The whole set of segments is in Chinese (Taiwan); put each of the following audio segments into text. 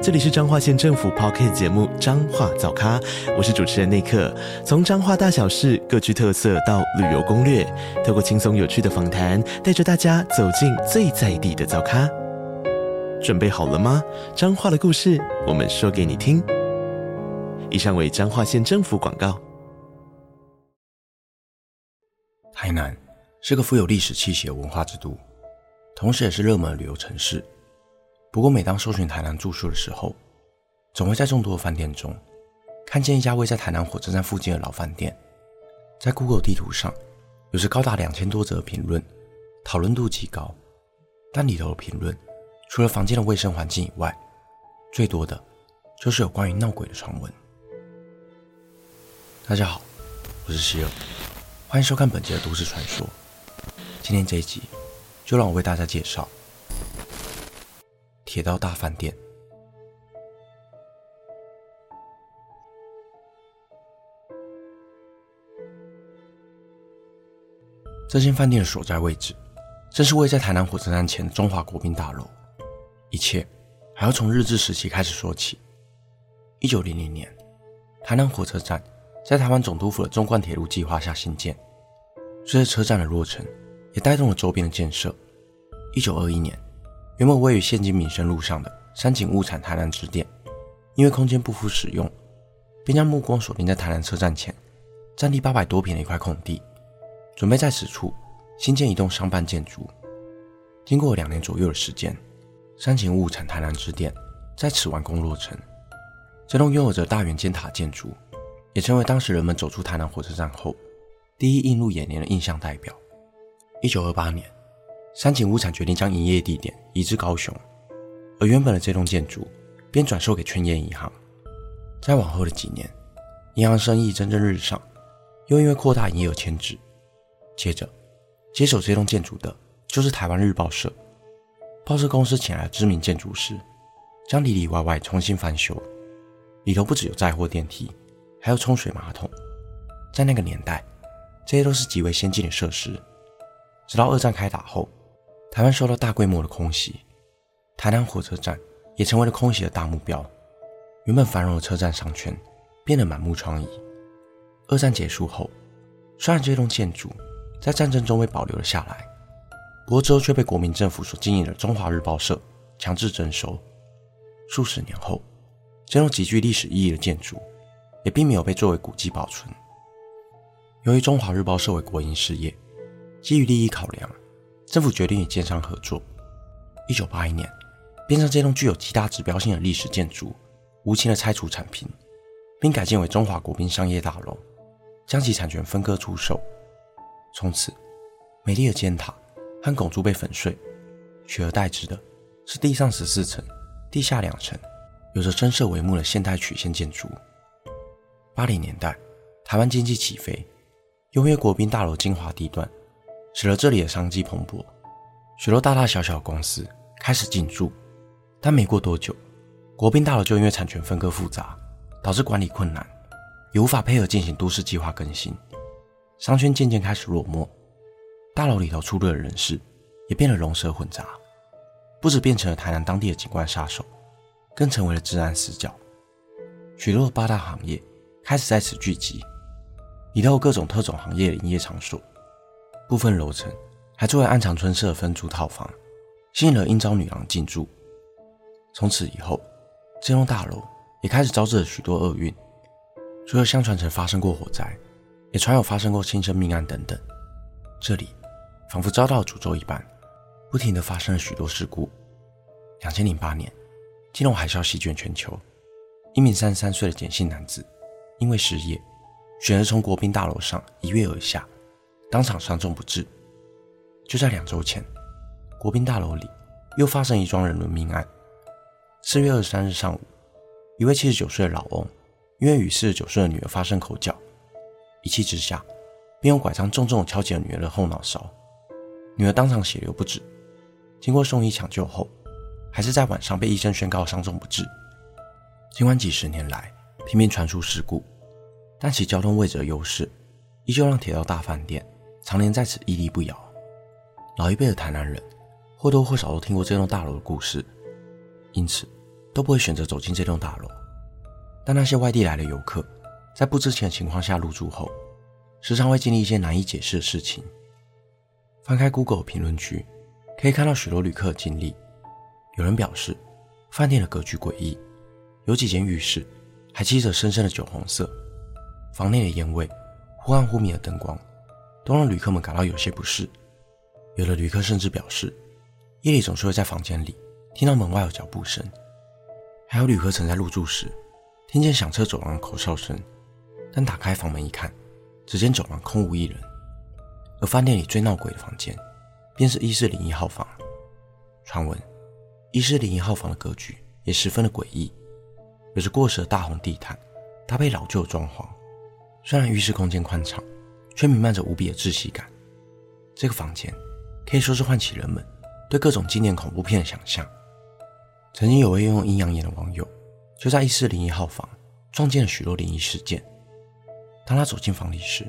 這裡是彰化縣政府 Podcast 節目《彰化早咖》，我是主持人內克。從彰化大小事各具特色到旅遊攻略，透過輕鬆有趣的訪談，帶着大家走進最在地的早咖。準備好了嗎？彰化的故事，我們說給你聽。以上為彰化縣政府廣告。台南是個富有歷史氣息的文化之都，同時也是熱門旅遊城市。不過，每當搜尋台南住宿的時候，總會在眾多的飯店中，看見一家位在台南火車站附近的老飯店，在 Google 地圖上，有着高達兩千多則的評論，討論度極高。但裡頭的評論，除了房間的衛生環境以外，最多的，就是有關於鬧鬼的傳聞。大家好，我是希爾，歡迎收看本期的都市傳說。今天這一集，就讓我為大家介紹。鐵道大飯店。這間飯店的所在位置，正是位在台南火車站前的中華國賓大樓。一切還要從日治時期開始說起。一九零零年，台南火車站在台灣總督府的縱貫鐵路計劃下興建，隨着車站的落成，也帶動了周邊的建設。一九二一年。原本位於現今民生路上的山景物產台南支店，因為空間不敷使用，便將目光鎖定在台南車站前，占地八百多坪的一塊空地，準備在此處新建一棟商辦建築。經過兩年左右的時間，山景物產台南支店在此完工落成。這棟擁有着大圓尖塔建築，也成為當時人們走出台南火車站後，第一映入眼簾的印象代表。一九二八年，三井物產決定將營業地點移至高雄，而原本的這棟建築便轉售給勸業銀行。再往後的幾年，銀行生意蒸蒸日上，又因為擴大營業有遷址。接着接手這棟建築的就是台灣日報社，報社公司請來了知名建築師，將裡裡外外重新翻修。裡頭不只有載貨電梯，還有沖水馬桶，在那個年代，這些都是極為先進的設施。直到二戰開打後。台灣受到大規模的空襲，台南火車站也成為了空襲的大目標。原本繁榮的車站商圈變得滿目瘡痍。二戰結束後，雖然這棟建築在戰爭中被保留了下來，不過之後卻被國民政府所經營的中華日報社強制徵收。數十年後，這棟極具歷史意義的建築也並沒有被作為古蹟保存。由於中華日報社為國營事業，基於利益考量，政府決定與建商合作。一九八一年，邊上這棟具有極大指標性的歷史建築，無情的拆除鏟平，並改建為中華國賓商業大樓，將其產權分割出售。從此，美麗的尖塔和拱柱被粉碎，取而代之的是地上十四層、地下兩層、有着深色帷幕的現代曲線建築。八零年代，台灣經濟起飛，優越國賓大樓精華地段。使得這裡的商機蓬勃，許多大大小小的公司開始進駐。但沒過多久，國賓大樓就因為產權分割複雜，導致管理困難，也無法配合進行都市計劃更新，商圈漸漸開始落寞。大樓裡頭出入的人士也變得龍蛇混雜，不只變成了台南當地的景觀殺手，更成為了治安死角。許多的八大行業開始在此聚集，裡頭各種特種行業的營業場所。部分樓層還作為暗藏春色的分租套房，吸引了應召女郎進駐。從此以後，這棟大樓也開始招致了許多厄運，除了相傳曾發生過火災，也常有發生過輕生命案等等。這裡仿佛遭到詛咒一般，不停地發生了許多事故。2008年，金融海嘯席捲全球，一名三十三歲的簡姓男子因為失業，選擇從國賓大樓上一躍而下。當場傷重不治。就在兩周前，國賓大樓裡又發生一樁人倫命案。四月二十三日上午，一位七十九歲的老翁因為與四十九歲的女兒發生口角，一氣之下，便用拐杖重重敲擊了女兒的後腦勺，女兒當場血流不止。經過送醫搶救後，還是在晚上被醫生宣告傷重不治。儘管幾十年來頻頻傳出事故，但其交通位置的優勢，依舊讓鐵道大飯店。常年在此屹立不搖，老一輩的台南人或多或少都聽過這棟大樓的故事，因此都不會選擇走進這棟大樓。但那些外地來的遊客，在不知情的情況下入住後，時常會經歷一些難以解釋的事情。翻開 Google 評論區，可以看到許多旅客的經歷。有人表示，飯店的格局詭異，有幾間浴室還漆着深深的酒紅色，房內的煙味，忽暗忽明的燈光，都讓旅客們感到有些不適，有的旅客甚至表示，夜裡總是會在房間裡聽到門外有腳步聲，還有旅客曾在入住時聽見響徹走廊的口哨聲，但打開房門一看，只見走廊空無一人。而飯店裡最鬧鬼的房間，便是一四零一號房。傳聞一四零一號房的格局也十分的詭異，有着過時的大紅地毯，搭配老舊的裝潢，雖然浴室空間寬敞。卻瀰漫着無比的窒息感。這個房間可以說是喚起人們對各種經典恐怖片的想象曾經有位擁有陰陽眼的網友，就在1401號房撞見了許多靈異事件。當他走進房裡時，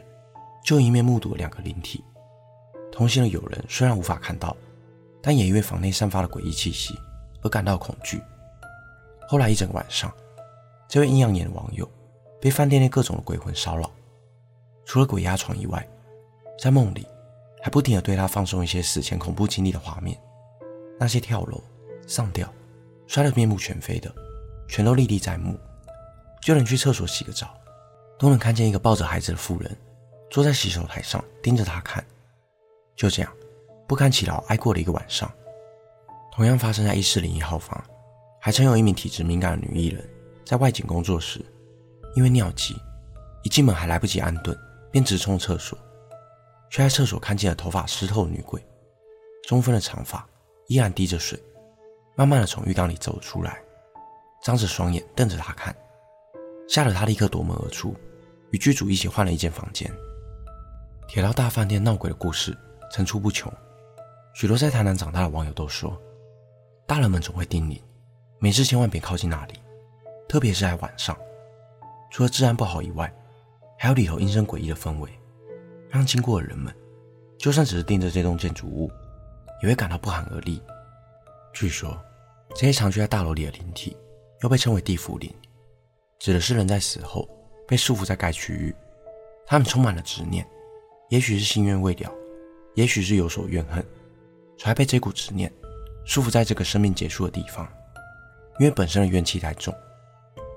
就一面目睹了兩個靈體。同行的友人雖然無法看到，但也因為房內散發的詭異氣息而感到恐懼。後來一整晚上，這位陰陽眼的網友被飯店內各種的鬼魂騷擾。除了鬼壓床以外，在夢裡還不停地對他放送一些死前恐怖經歷的畫面，那些跳樓、上吊、摔得面目全非的，全都歷歷在目。就連去廁所洗個澡，都能看見一個抱着孩子的婦人坐在洗手台上盯着他看。就這樣，不堪其擾，挨過了一個晚上。同樣發生在一四零一號房，還曾有一名體質敏感的女藝人，在外景工作時，因為尿急，一進門還來不及安頓。便直衝廁所，卻在廁所看見了頭髮濕透的女鬼，中分的長髮依然滴着水，慢慢的從浴缸裡走了出來，張着雙眼瞪着他看，嚇得他立刻奪門而出，與劇組一起換了一間房間。鐵道大飯店鬧鬼的故事層出不窮，許多在台南長大的網友都說，大人們總會叮嚀，沒事千萬別靠近那裡，特別是在晚上，除了治安不好以外。還有裡頭陰森詭異的氛圍，讓經過的人們，就算只是盯着這棟建築物，也會感到不寒而栗。據說，這些長居在大樓裡的靈體，又被稱為地府靈，指的是人在死後被束縛在該區域。他們充滿了執念，也許是心願未了，也許是有所怨恨，才被這股執念束縛在這個生命結束的地方。因為本身的怨氣太重，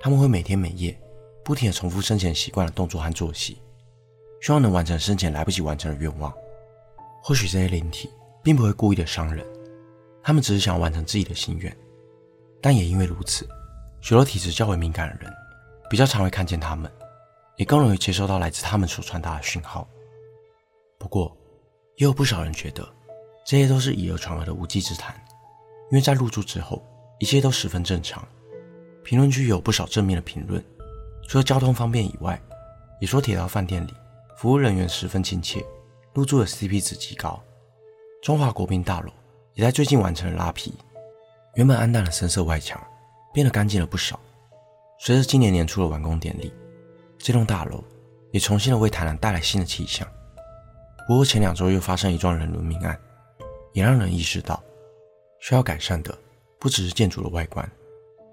他們會每天每夜，不停地重複生前習慣的動作和作息，希望能完成生前來不及完成的願望。或許這些靈體並不會故意的傷人，他們只是想完成自己的心願。但也因為如此，許多體質較為敏感的人比較常會看見他們，也更容易接收到來自他們所傳達的訊號。不過，也有不少人覺得這些都是以訛傳訛的無稽之談，因為在入住之後一切都十分正常。評論區有不少正面的評論。除了交通方便以外，也說鐵道飯店裡服務人員十分親切，入住的 CP 值極高。中華國賓大樓也在最近完成了拉皮，原本暗淡的深色外牆變得乾淨了不少。隨着今年年初的完工典禮，這棟大樓也重新的為台南帶來新的氣象。不過前兩周又發生一樁人倫命案，也讓人意識到需要改善的不只是建築的外觀，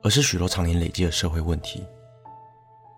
而是許多常年累積的社會問題。